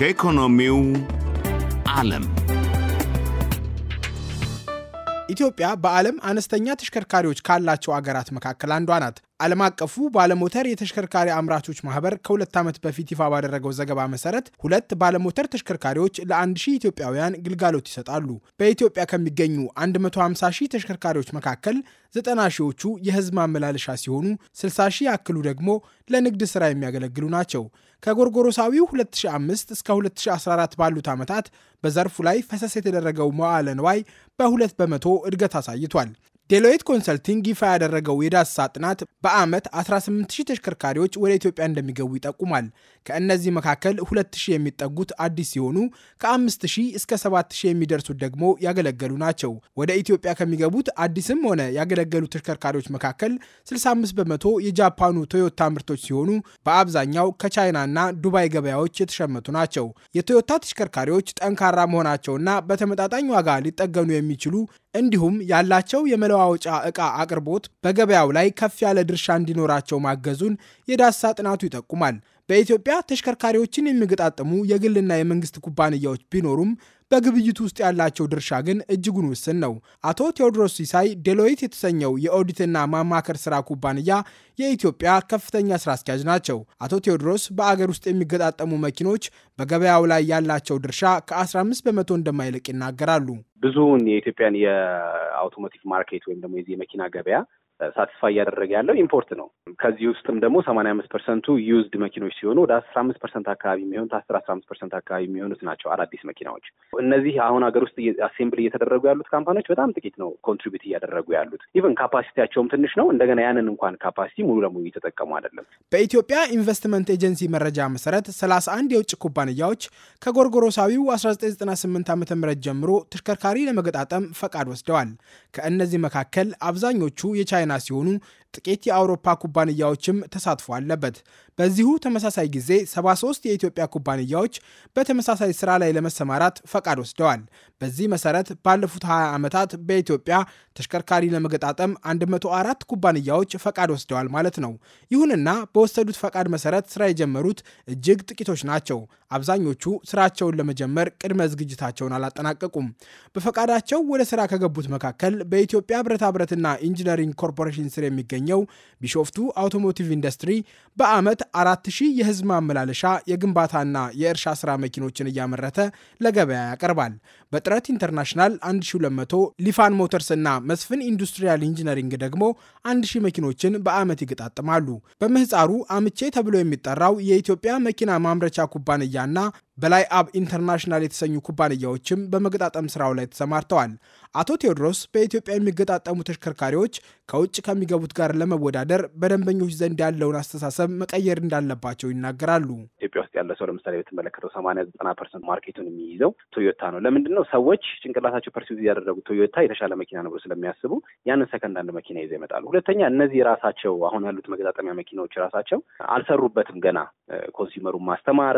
ከኢኮኖሚው ዓለም ኢትዮጵያ በዓለም አነስተኛ ተሽከርካሪዎች ካላቸው አገራት መካከል አንዷ ናት። ዓለም አቀፉ ባለሞተር የተሽከርካሪ አምራቾች ማህበር ከሁለት ዓመት በፊት ይፋ ባደረገው ዘገባ መሰረት ሁለት ባለሞተር ተሽከርካሪዎች ለአንድ ሺህ ኢትዮጵያውያን ግልጋሎት ይሰጣሉ። በኢትዮጵያ ከሚገኙ 150 ሺህ ተሽከርካሪዎች መካከል 90 ሺዎቹ የህዝብ ማመላለሻ ሲሆኑ 60 ሺህ ያክሉ ደግሞ ለንግድ ሥራ የሚያገለግሉ ናቸው። ከጎርጎሮሳዊው 2005 እስከ 2014 ባሉት ዓመታት በዘርፉ ላይ ፈሰስ የተደረገው መዋዕለ ንዋይ በሁለት በመቶ እድገት አሳይቷል። ዴሎይት ኮንሰልቲንግ ይፋ ያደረገው የዳሳ ጥናት በዓመት 18000 ተሽከርካሪዎች ወደ ኢትዮጵያ እንደሚገቡ ይጠቁማል። ከእነዚህ መካከል 2000 የሚጠጉት አዲስ ሲሆኑ ከ5000 እስከ 7000 የሚደርሱት ደግሞ ያገለገሉ ናቸው። ወደ ኢትዮጵያ ከሚገቡት አዲስም ሆነ ያገለገሉ ተሽከርካሪዎች መካከል 65 በመቶ የጃፓኑ ቶዮታ ምርቶች ሲሆኑ በአብዛኛው ከቻይናና ዱባይ ገበያዎች የተሸመቱ ናቸው። የቶዮታ ተሽከርካሪዎች ጠንካራ መሆናቸውና በተመጣጣኝ ዋጋ ሊጠገኑ የሚችሉ እንዲሁም ያላቸው የመለዋወጫ ዕቃ አቅርቦት በገበያው ላይ ከፍ ያለ ድርሻ እንዲኖራቸው ማገዙን የዳሳ ጥናቱ ይጠቁማል። በኢትዮጵያ ተሽከርካሪዎችን የሚገጣጠሙ የግልና የመንግስት ኩባንያዎች ቢኖሩም በግብይቱ ውስጥ ያላቸው ድርሻ ግን እጅጉን ውስን ነው። አቶ ቴዎድሮስ ሲሳይ ዴሎይት የተሰኘው የኦዲትና ማማከር ስራ ኩባንያ የኢትዮጵያ ከፍተኛ ስራ አስኪያጅ ናቸው። አቶ ቴዎድሮስ በአገር ውስጥ የሚገጣጠሙ መኪኖች በገበያው ላይ ያላቸው ድርሻ ከ15 በመቶ እንደማይልቅ ይናገራሉ። ብዙውን የኢትዮጵያን የአውቶሞቲቭ ማርኬት ወይም ደግሞ የዚህ የመኪና ገበያ ሳትስፋይ እያደረገ ያለው ኢምፖርት ነው። ከዚህ ውስጥም ደግሞ ሰማንያ አምስት ፐርሰንቱ ዩዝድ መኪኖች ሲሆኑ ወደ አስራ አምስት ፐርሰንት አካባቢ የሚሆኑት አስር አስራ አምስት ፐርሰንት አካባቢ የሚሆኑት ናቸው አዳዲስ መኪናዎች። እነዚህ አሁን ሀገር ውስጥ አሴምብል እየተደረጉ ያሉት ካምፓኒዎች በጣም ጥቂት ነው ኮንትሪቢዩት እያደረጉ ያሉት። ኢቨን ካፓሲቲያቸውም ትንሽ ነው። እንደገና ያንን እንኳን ካፓሲቲ ሙሉ ለሙሉ እየተጠቀሙ አይደለም። በኢትዮጵያ ኢንቨስትመንት ኤጀንሲ መረጃ መሰረት ሰላሳ አንድ የውጭ ኩባንያዎች ከጎርጎሮሳዊው 1998 ዓ ም ጀምሮ ተሽከርካሪ ለመገጣጠም ፈቃድ ወስደዋል። ከእነዚህ መካከል አብዛኞቹ የቻይና ሲሆኑ ጥቂት የአውሮፓ ኩባንያዎችም ተሳትፎ አለበት። በዚሁ ተመሳሳይ ጊዜ 73 የኢትዮጵያ ኩባንያዎች በተመሳሳይ ስራ ላይ ለመሰማራት ፈቃድ ወስደዋል። በዚህ መሰረት ባለፉት 20 ዓመታት በኢትዮጵያ ተሽከርካሪ ለመገጣጠም 104 ኩባንያዎች ፈቃድ ወስደዋል ማለት ነው። ይሁንና በወሰዱት ፈቃድ መሰረት ስራ የጀመሩት እጅግ ጥቂቶች ናቸው። አብዛኞቹ ስራቸውን ለመጀመር ቅድመ ዝግጅታቸውን አላጠናቀቁም። በፈቃዳቸው ወደ ስራ ከገቡት መካከል በኢትዮጵያ ብረታ ብረትና ኢንጂነሪንግ ኮርፖሬሽን ስር የሚገኘው ቢሾፍቱ አውቶሞቲቭ ኢንዱስትሪ በዓመት አራት ሺህ የህዝብ ማመላለሻ የግንባታና የእርሻ ስራ መኪኖችን እያመረተ ለገበያ ያቀርባል። በጥረት ኢንተርናሽናል 1200 ሊፋን ሞተርስ እና መስፍን ኢንዱስትሪያል ኢንጂነሪንግ ደግሞ 1000 መኪኖችን በዓመት ይገጣጥማሉ። በምህፃሩ አምቼ ተብሎ የሚጠራው የኢትዮጵያ መኪና ማምረቻ ኩባንያና በላይ አብ ኢንተርናሽናል የተሰኙ ኩባንያዎችም በመገጣጠም ስራው ላይ ተሰማርተዋል። አቶ ቴዎድሮስ በኢትዮጵያ የሚገጣጠሙ ተሽከርካሪዎች ከውጭ ከሚገቡት ጋር ለመወዳደር በደንበኞች ዘንድ ያለውን አስተሳሰብ መቀየር እንዳለባቸው ይናገራሉ። ኢትዮጵያ ውስጥ ያለ ሰው ለምሳሌ የተመለከተው ሰማንያ ዘጠና ፐርሰንት ማርኬቱን የሚይዘው ቶዮታ ነው። ለምንድን ነው ሰዎች ጭንቅላታቸው ፐርሲዝ ያደረጉ ቶዮታ የተሻለ መኪና ነው ብሎ ስለሚያስቡ ያንን ሰከንድ አንድ መኪና ይዘው ይመጣሉ። ሁለተኛ እነዚህ ራሳቸው አሁን ያሉት መገጣጠሚያ መኪናዎች ራሳቸው አልሰሩበትም ገና ኮንሱመሩን ማስተማር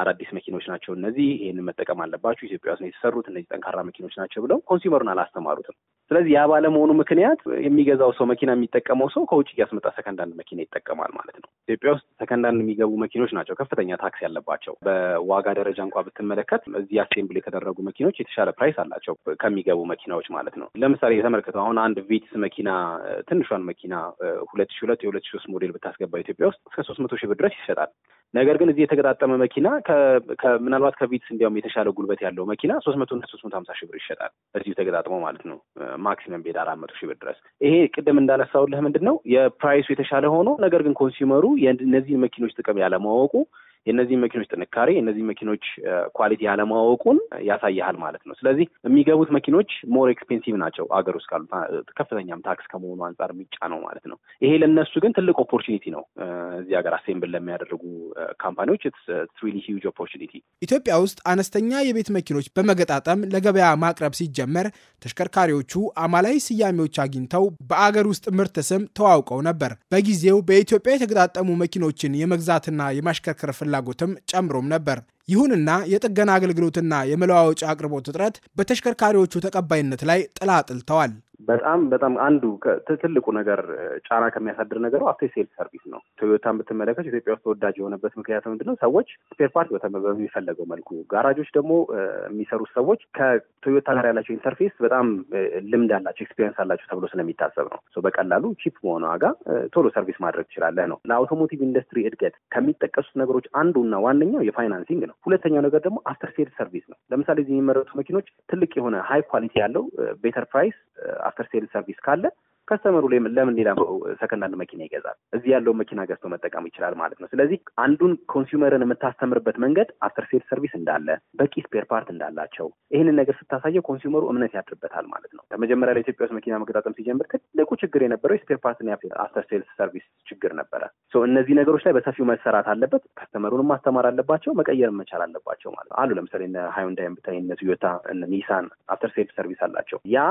አዳዲስ መኪኖች ናቸው እነዚህ፣ ይህንን መጠቀም አለባቸው ኢትዮጵያ ውስጥ ነው የተሰሩት፣ እነዚህ ጠንካራ መኪኖች ናቸው ብለው ኮንሱመሩን አላስተማሩትም። ስለዚህ ያ ባለመሆኑ ምክንያት የሚገዛው ሰው መኪና የሚጠቀመው ሰው ከውጭ እያስመጣ ሰከንዳንድ መኪና ይጠቀማል ማለት ነው። ኢትዮጵያ ውስጥ ሰከንዳንድ የሚገቡ መኪኖች ናቸው ከፍተኛ ታክስ ያለባቸው። በዋጋ ደረጃ እንኳ ብትመለከት እዚህ አሴምብል የተደረጉ መኪኖች የተሻለ ፕራይስ አላቸው ከሚገቡ መኪናዎች ማለት ነው። ለምሳሌ የተመለከተው አሁን አንድ ቪትስ መኪና ትንሿን መኪና ሁለት ሺ ሁለት የሁለት ሺ ሶስት ሞዴል ብታስገባ ኢትዮጵያ ውስጥ እስከ ሶስት መቶ ሺህ ብር ድረስ ይሸጣል። ነገር ግን እዚህ የተገጣጠመ መኪና ምናልባት ከቪትስ እንዲያውም የተሻለ ጉልበት ያለው መኪና ሶስት መቶ እና ሶስት መቶ ሀምሳ ሺህ ብር ይሸጣል። እዚሁ ተገጣጥሞ ማለት ነው። ማክሲመም ቤድ አራት መቶ ሺህ ብር ድረስ። ይሄ ቅድም እንዳነሳውልህ ምንድን ነው የፕራይሱ የተሻለ ሆኖ ነገር ግን ኮንሱመሩ የእነዚህን መኪኖች ጥቅም ያለማወቁ የእነዚህ መኪኖች ጥንካሬ የእነዚህ መኪኖች ኳሊቲ አለማወቁን ያሳያል ማለት ነው። ስለዚህ የሚገቡት መኪኖች ሞር ኤክስፔንሲቭ ናቸው አገር ውስጥ ካሉ ከፍተኛም ታክስ ከመሆኑ አንጻር የሚጫ ነው ማለት ነው። ይሄ ለእነሱ ግን ትልቅ ኦፖርቹኒቲ ነው። እዚህ ሀገር አሴምብል ለሚያደርጉ ካምፓኒዎች ሪሊ ሂውጅ ኦፖርቹኒቲ። ኢትዮጵያ ውስጥ አነስተኛ የቤት መኪኖች በመገጣጠም ለገበያ ማቅረብ ሲጀመር ተሽከርካሪዎቹ አማላይ ስያሜዎች አግኝተው በአገር ውስጥ ምርት ስም ተዋውቀው ነበር። በጊዜው በኢትዮጵያ የተገጣጠሙ መኪኖችን የመግዛትና የማሽከርከር ፍላ ፍላጎትም ጨምሮም ነበር። ይሁንና የጥገና አገልግሎትና የመለዋወጫ አቅርቦት እጥረት በተሽከርካሪዎቹ ተቀባይነት ላይ ጥላ ጥልተዋል። በጣም በጣም አንዱ ትልቁ ነገር ጫና ከሚያሳድር ነገሩ አፍተር ሴል ሰርቪስ ነው። ቶዮታ ብትመለከት ኢትዮጵያ ውስጥ ተወዳጅ የሆነበት ምክንያት ምንድነው? ሰዎች ስፔር ፓርት በሚፈለገው መልኩ፣ ጋራጆች ደግሞ የሚሰሩት ሰዎች ከቶዮታ ጋር ያላቸው ኢንተርፌስ በጣም ልምድ አላቸው፣ ኤክስፔሪንስ አላቸው ተብሎ ስለሚታሰብ ነው። በቀላሉ ቺፕ በሆነ ዋጋ ቶሎ ሰርቪስ ማድረግ ትችላለህ ነው። ለአውቶሞቲቭ ኢንዱስትሪ እድገት ከሚጠቀሱት ነገሮች አንዱና ዋነኛው የፋይናንሲንግ ነው። ሁለተኛው ነገር ደግሞ አፍተር ሴል ሰርቪስ ነው። ለምሳሌ እዚህ የሚመረቱ መኪኖች ትልቅ የሆነ ሀይ ኳሊቲ ያለው ቤተር ፕራይስ አፍተር ሴል ሰርቪስ ካለ ከስተመሩ ለምን ሌላ ሰከንዳንድ መኪና ይገዛል? እዚህ ያለውን መኪና ገዝቶ መጠቀም ይችላል ማለት ነው። ስለዚህ አንዱን ኮንሱመርን የምታስተምርበት መንገድ አፍተር ሴል ሰርቪስ እንዳለ፣ በቂ ስፔር ፓርት እንዳላቸው ይህንን ነገር ስታሳየው ኮንሱመሩ እምነት ያድርበታል ማለት ነው። ከመጀመሪያ ለኢትዮጵያ ውስጥ መኪና መገጣጠም ሲጀምር ትልቁ ችግር የነበረው የስፔር ፓርትና አፍተር ሴል ሰርቪስ ችግር ነበረ። እነዚህ ነገሮች ላይ በሰፊው መሰራት አለበት። ከስተመሩንም ማስተማር አለባቸው፣ መቀየር መቻል አለባቸው ማለት ነው አሉ። ለምሳሌ እነ ሃዩንዳይ ብታይ፣ እነ ቶዮታ፣ እነ ኒሳን አፍተር ሴል ሰርቪስ አላቸው። ያ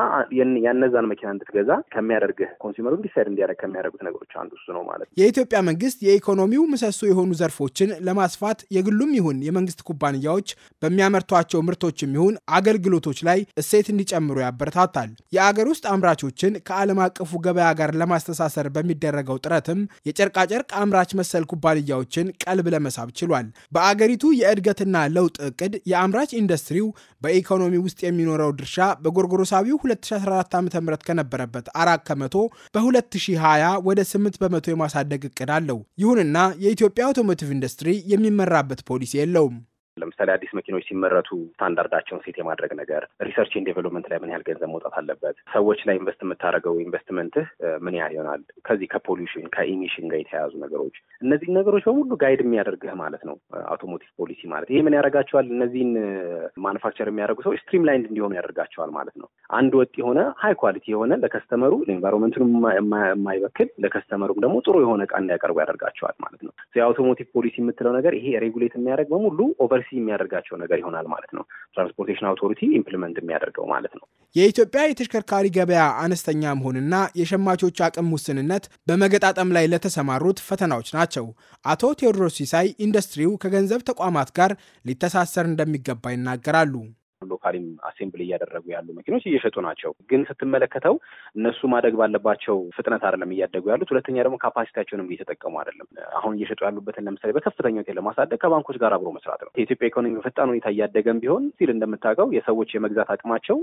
ያነዛን መኪና እንድትገዛ ከሚያደ የሚያደርግህ ኮንሱመሩ እንዲሳይድ እንዲያደርግ ከሚያደርጉት ነገሮች አንዱ እሱ ነው ማለት ነው። የኢትዮጵያ መንግስት የኢኮኖሚው ምሰሶ የሆኑ ዘርፎችን ለማስፋት የግሉም ይሁን የመንግስት ኩባንያዎች በሚያመርቷቸው ምርቶችም ይሁን አገልግሎቶች ላይ እሴት እንዲጨምሩ ያበረታታል። የአገር ውስጥ አምራቾችን ከዓለም አቀፉ ገበያ ጋር ለማስተሳሰር በሚደረገው ጥረትም የጨርቃጨርቅ አምራች መሰል ኩባንያዎችን ቀልብ ለመሳብ ችሏል። በአገሪቱ የእድገትና ለውጥ እቅድ የአምራች ኢንዱስትሪው በኢኮኖሚ ውስጥ የሚኖረው ድርሻ በጎርጎሮሳዊው 2014 ዓ ም ከነበረበት አራት ከመቶ በ2020 ወደ 8 በመቶ የማሳደግ እቅድ አለው። ይሁንና የኢትዮጵያ አውቶሞቲቭ ኢንዱስትሪ የሚመራበት ፖሊሲ የለውም። ለምሳሌ አዲስ መኪኖች ሲመረቱ ስታንዳርዳቸውን ሴት የማድረግ ነገር፣ ሪሰርች ኤንድ ዴቨሎፕመንት ላይ ምን ያህል ገንዘብ መውጣት አለበት፣ ሰዎች ላይ ኢንቨስት የምታደርገው ኢንቨስትመንትህ ምን ያህል ይሆናል፣ ከዚህ ከፖሊሽን ከኢሚሽን ጋር የተያያዙ ነገሮች፣ እነዚህ ነገሮች በሙሉ ጋይድ የሚያደርግህ ማለት ነው አውቶሞቲቭ ፖሊሲ ማለት። ይህ ምን ያደርጋቸዋል? እነዚህን ማኑፋክቸር የሚያደርጉ ሰዎች ስትሪም ላይንድ እንዲሆኑ ያደርጋቸዋል ማለት ነው። አንድ ወጥ የሆነ ሀይ ኳሊቲ የሆነ ለከስተመሩ ኢንቫይሮንመንቱን የማይበክል ለከስተመሩም ደግሞ ጥሩ የሆነ እቃ እንዲያቀርቡ ያደርጋቸዋል ማለት ነው። የአውቶሞቲቭ ፖሊሲ የምትለው ነገር ይሄ ሬጉሌት የሚያደርግ በሙሉ ኦቨር ፖሊሲ የሚያደርጋቸው ነገር ይሆናል ማለት ነው። ትራንስፖርቴሽን አውቶሪቲ ኢምፕሊመንት የሚያደርገው ማለት ነው። የኢትዮጵያ የተሽከርካሪ ገበያ አነስተኛ መሆንና የሸማቾች አቅም ውስንነት በመገጣጠም ላይ ለተሰማሩት ፈተናዎች ናቸው። አቶ ቴዎድሮስ ሲሳይ ኢንዱስትሪው ከገንዘብ ተቋማት ጋር ሊተሳሰር እንደሚገባ ይናገራሉ። ሎካሊም አሴምብል እያደረጉ ያሉ መኪኖች እየሸጡ ናቸው። ግን ስትመለከተው እነሱ ማደግ ባለባቸው ፍጥነት አይደለም እያደጉ ያሉት። ሁለተኛ ደግሞ ካፓሲቲያቸውንም እየተጠቀሙ አይደለም። አሁን እየሸጡ ያሉበትን ለምሳሌ በከፍተኛ ሁኔታ ለማሳደግ ከባንኮች ጋር አብሮ መስራት ነው። የኢትዮጵያ ኢኮኖሚ በፈጣን ሁኔታ እያደገም ቢሆን ሲል እንደምታውቀው የሰዎች የመግዛት አቅማቸው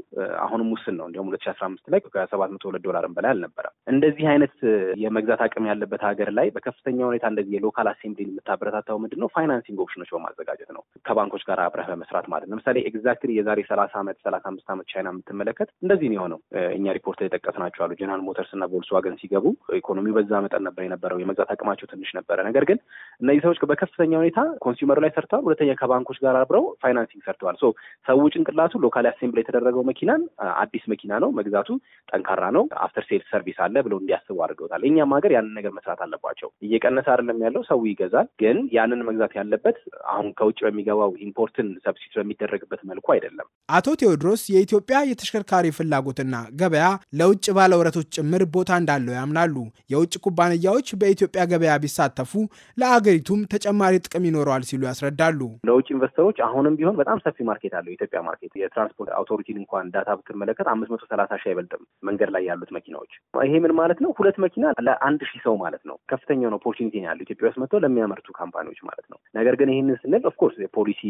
አሁንም ውስን ነው። እንዲሁም ሁለት ሺ አስራ አምስት ላይ ከሰባት መቶ ሁለት ዶላርን በላይ አልነበረም። እንደዚህ አይነት የመግዛት አቅም ያለበት ሀገር ላይ በከፍተኛ ሁኔታ እንደዚህ የሎካል አሴምብሊ የምታበረታታው ምንድን ነው? ፋይናንሲንግ ኦፕሽኖች በማዘጋጀት ነው። ከባንኮች ጋር አብረህ በመስራት ማለት ለምሳሌ ኤግዛክትሊ የዛሬ ሰላሳ ዓመት ሰላሳ አምስት ዓመት ቻይና የምትመለከት እንደዚህ ነው የሆነው። እኛ ሪፖርት የጠቀስ ናቸው አሉ ጀነራል ሞተርስ እና ቮልስዋገን ሲገቡ ኢኮኖሚው በዛ መጠን ነበር የነበረው፣ የመግዛት አቅማቸው ትንሽ ነበረ። ነገር ግን እነዚህ ሰዎች በከፍተኛ ሁኔታ ኮንሱመሩ ላይ ሰርተዋል። ሁለተኛ ከባንኮች ጋር አብረው ፋይናንሲንግ ሰርተዋል። ሶ ሰው ጭንቅላቱ ሎካል አሴምብል የተደረገው መኪናን አዲስ መኪና ነው መግዛቱ ጠንካራ ነው፣ አፍተር ሴል ሰርቪስ አለ ብለው እንዲያስቡ አድርገውታል። እኛም ሀገር ያንን ነገር መስራት አለባቸው። እየቀነሰ አይደለም ያለው ሰው ይገዛል፣ ግን ያንን መግዛት ያለበት አሁን ከውጭ በሚገባው ኢምፖርትን ሰብሲት በሚደረግበት መልኩ አይደለም። አይደለም። አቶ ቴዎድሮስ የኢትዮጵያ የተሽከርካሪ ፍላጎትና ገበያ ለውጭ ባለውረቶች ጭምር ቦታ እንዳለው ያምናሉ። የውጭ ኩባንያዎች በኢትዮጵያ ገበያ ቢሳተፉ ለአገሪቱም ተጨማሪ ጥቅም ይኖረዋል ሲሉ ያስረዳሉ። ለውጭ ኢንቨስተሮች አሁንም ቢሆን በጣም ሰፊ ማርኬት አለው የኢትዮጵያ ማርኬት። የትራንስፖርት አውቶሪቲን እንኳን ዳታ ብትመለከት አምስት መቶ ሰላሳ ሺህ አይበልጥም መንገድ ላይ ያሉት መኪናዎች። ይሄ ምን ማለት ነው? ሁለት መኪና ለአንድ ሺህ ሰው ማለት ነው። ከፍተኛውን ኦፖርቹኒቲ ያለው ኢትዮጵያ ውስጥ መጥተው ለሚያመርቱ ካምፓኒዎች ማለት ነው። ነገር ግን ይህንን ስንል ኦፍኮርስ የፖሊሲ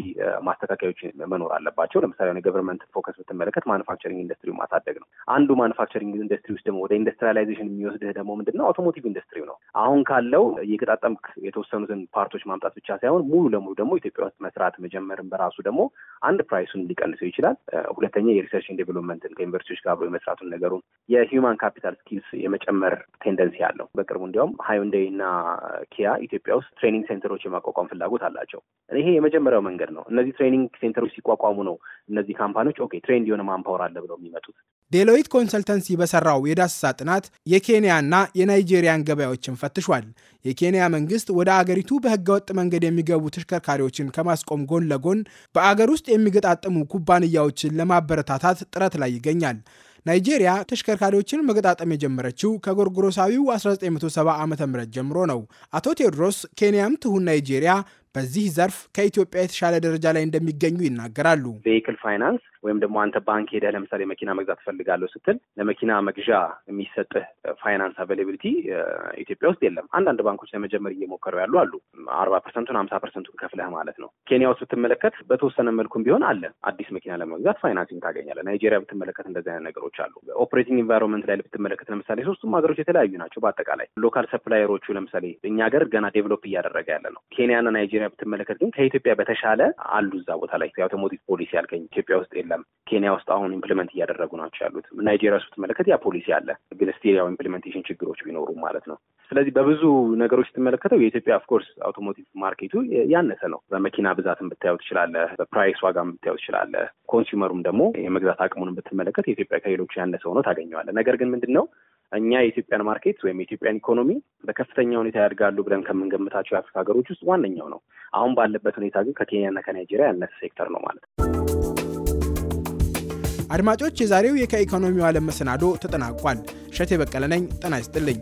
ማስተካከያዎች መኖር አለባቸው። ለምሳሌ ሆነ የገቨርንመንት ፎከስ ብትመለከት ማኑፋክቸሪንግ ኢንዱስትሪ ማሳደግ ነው። አንዱ ማኑፋክቸሪንግ ኢንዱስትሪ ውስጥ ደግሞ ወደ ኢንዱስትሪላይዜሽን የሚወስድህ ደግሞ ምንድን ነው አውቶሞቲቭ ኢንዱስትሪ ነው። አሁን ካለው እየገጣጠምክ የተወሰኑትን ፓርቶች ማምጣት ብቻ ሳይሆን ሙሉ ለሙሉ ደግሞ ኢትዮጵያ ውስጥ መስራት መጀመርን በራሱ ደግሞ አንድ ፕራይሱን ሊቀንሰው ይችላል። ሁለተኛ የሪሰርችን ዴቨሎፕመንትን ከዩኒቨርሲቲዎች ጋር አብሮ የመስራቱን ነገሩን የሂውማን ካፒታል ስኪልስ የመጨመር ቴንደንሲ አለው። በቅርቡ እንዲያውም ሃዩንዴይ እና ኪያ ኢትዮጵያ ውስጥ ትሬኒንግ ሴንተሮች የማቋቋም ፍላጎት አላቸው። ይሄ የመጀመሪያው መንገድ ነው። እነዚህ ትሬኒንግ ሴንተሮች ሲቋቋሙ ነው እነዚህ ካምፓኒዎች ኦኬ ትሬንድ የሆነ ማንፓወር አለ ብለው የሚመጡት። ዴሎይት ኮንሰልተንሲ በሰራው የዳሰሳ ጥናት የኬንያና የናይጄሪያን ገበያዎችን ፈትሿል። የኬንያ መንግስት ወደ አገሪቱ በህገወጥ መንገድ የሚገቡ ተሽከርካሪዎችን ከማስቆም ጎን ለጎን በአገር ውስጥ የሚገጣጠሙ ኩባንያዎችን ለማበረታታት ጥረት ላይ ይገኛል። ናይጄሪያ ተሽከርካሪዎችን መገጣጠም የጀመረችው ከጎርጎሮሳዊው 1970 ዓ ም ጀምሮ ነው። አቶ ቴዎድሮስ ኬንያም ትሁን ናይጄሪያ በዚህ ዘርፍ ከኢትዮጵያ የተሻለ ደረጃ ላይ እንደሚገኙ ይናገራሉ። ቬይክል ፋይናንስ ወይም ደግሞ አንተ ባንክ ሄደህ ለምሳሌ መኪና መግዛት ፈልጋለሁ ስትል ለመኪና መግዣ የሚሰጥህ ፋይናንስ አቬላቢሊቲ ኢትዮጵያ ውስጥ የለም። አንዳንድ ባንኮች ለመጀመር እየሞከሩ ያሉ አሉ። አርባ ፐርሰንቱን ሀምሳ ፐርሰንቱን ከፍለህ ማለት ነው። ኬንያ ውስጥ ብትመለከት በተወሰነ መልኩም ቢሆን አለ። አዲስ መኪና ለመግዛት ፋይናንሲንግ ታገኛለህ። ናይጄሪያ ብትመለከት እንደዚህ አይነት ነገሮች አሉ። ኦፕሬቲንግ ኢንቫይሮንመንት ላይ ብትመለከት ለምሳሌ ሶስቱም ሀገሮች የተለያዩ ናቸው። በአጠቃላይ ሎካል ሰፕላየሮቹ ለምሳሌ እኛ ሀገር ገና ዴቨሎፕ እያደረገ ያለ ነው። ኬንያና ናይጄሪያ ኬንያ ብትመለከት ግን ከኢትዮጵያ በተሻለ አሉ እዛ ቦታ ላይ የአውቶሞቲቭ ፖሊሲ ያልከኝ ኢትዮጵያ ውስጥ የለም። ኬንያ ውስጥ አሁን ኢምፕሊመንት እያደረጉ ናቸው ያሉት። ናይጄሪያ ውስጥ ብትመለከት ያ ፖሊሲ አለ፣ ግን ስቲል ያው ኢምፕሊመንቴሽን ችግሮች ቢኖሩ ማለት ነው። ስለዚህ በብዙ ነገሮች ስትመለከተው የኢትዮጵያ ኦፍኮርስ አውቶሞቲቭ ማርኬቱ ያነሰ ነው። በመኪና ብዛትን ብታየው ትችላለህ፣ በፕራይስ ዋጋም ብታየው ትችላለህ። ኮንሱመሩም ደግሞ የመግዛት አቅሙን ብትመለከት የኢትዮጵያ ከሌሎቹ ያነሰ ሆኖ ታገኘዋለህ። ነገር ግን ምንድን ነው እኛ የኢትዮጵያን ማርኬት ወይም የኢትዮጵያን ኢኮኖሚ በከፍተኛ ሁኔታ ያድጋሉ ብለን ከምንገምታቸው የአፍሪካ ሀገሮች ውስጥ ዋነኛው ነው። አሁን ባለበት ሁኔታ ግን ከኬንያና ከናይጄሪያ ያነሰ ሴክተር ነው ማለት ነው። አድማጮች፣ የዛሬው የከኢኮኖሚው ዓለም መሰናዶ ተጠናቋል። እሸቴ በቀለ ነኝ። ጤና ይስጥልኝ።